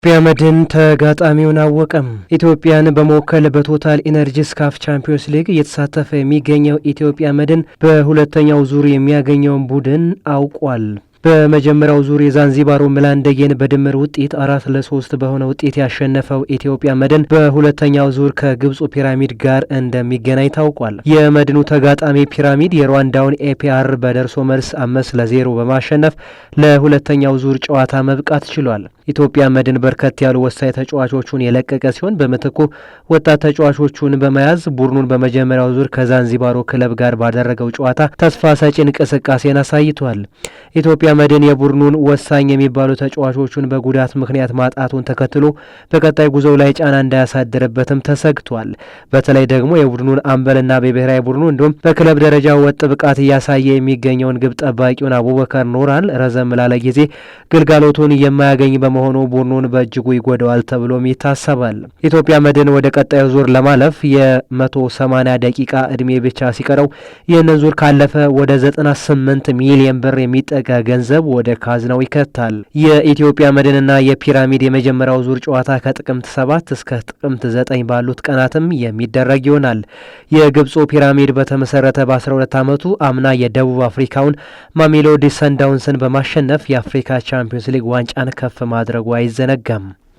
ኢትዮጵያ መድን ተጋጣሚውን አወቀም። ኢትዮጵያን በመወከል በቶታል ኢነርጂስ ካፍ ቻምፒዮንስ ሊግ እየተሳተፈ የሚገኘው ኢትዮጵያ መድን በሁለተኛው ዙር የሚያገኘውን ቡድን አውቋል። በመጀመሪያው ዙር የዛንዚባሩ ምላንደጌን በድምር ውጤት አራት ለሶስት በሆነ ውጤት ያሸነፈው ኢትዮጵያ መድን በሁለተኛው ዙር ከግብፁ ፒራሚድ ጋር እንደሚገናኝ ታውቋል። የመድኑ ተጋጣሚ ፒራሚድ የሩዋንዳውን ኤፒአር በደርሶ መልስ አምስት ለዜሮ በማሸነፍ ለሁለተኛው ዙር ጨዋታ መብቃት ችሏል። ኢትዮጵያ መድን በርከት ያሉ ወሳኝ ተጫዋቾቹን የለቀቀ ሲሆን በምትኩ ወጣት ተጫዋቾቹን በመያዝ ቡድኑን በመጀመሪያው ዙር ከዛንዚባሮ ክለብ ጋር ባደረገው ጨዋታ ተስፋ ሰጪ እንቅስቃሴን አሳይቷል። ኢትዮጵያ መድን የቡድኑን ወሳኝ የሚባሉ ተጫዋቾቹን በጉዳት ምክንያት ማጣቱን ተከትሎ በቀጣይ ጉዞው ላይ ጫና እንዳያሳድርበትም ተሰግቷል። በተለይ ደግሞ የቡድኑን አምበልና በብሔራዊ ቡድኑ እንዲሁም በክለብ ደረጃ ወጥ ብቃት እያሳየ የሚገኘውን ግብ ጠባቂውን አቡበከር ኖራን ረዘም ላለ ጊዜ ግልጋሎቱን የማያገኝ በመሆኑ ቡድኑን በእጅጉ ይጎዳዋል ተብሎም ይታሰባል። ኢትዮጵያ መድን ወደ ቀጣዩ ዙር ለማለፍ የመቶ ሰማኒያ ደቂቃ እድሜ ብቻ ሲቀረው ይህንን ዙር ካለፈ ወደ ስምንት ሚሊየን ብር የሚጠጋ ገንዘብ ወደ ካዝናው ይከታል። የኢትዮጵያ መድንና የፒራሚድ የመጀመሪያው ዙር ጨዋታ ከጥቅምት 7 እስከ ጥቅምት ዘጠኝ ባሉት ቀናትም የሚደረግ ይሆናል። የግብፁ ፒራሚድ በተመሰረተ በ12 ዓመቱ አምና የደቡብ አፍሪካውን ማሜሎዲ ሰንዳውንስን በማሸነፍ የአፍሪካ ቻምፒዮንስ ሊግ ዋንጫን ከፍ ማድረጉ አይዘነጋም።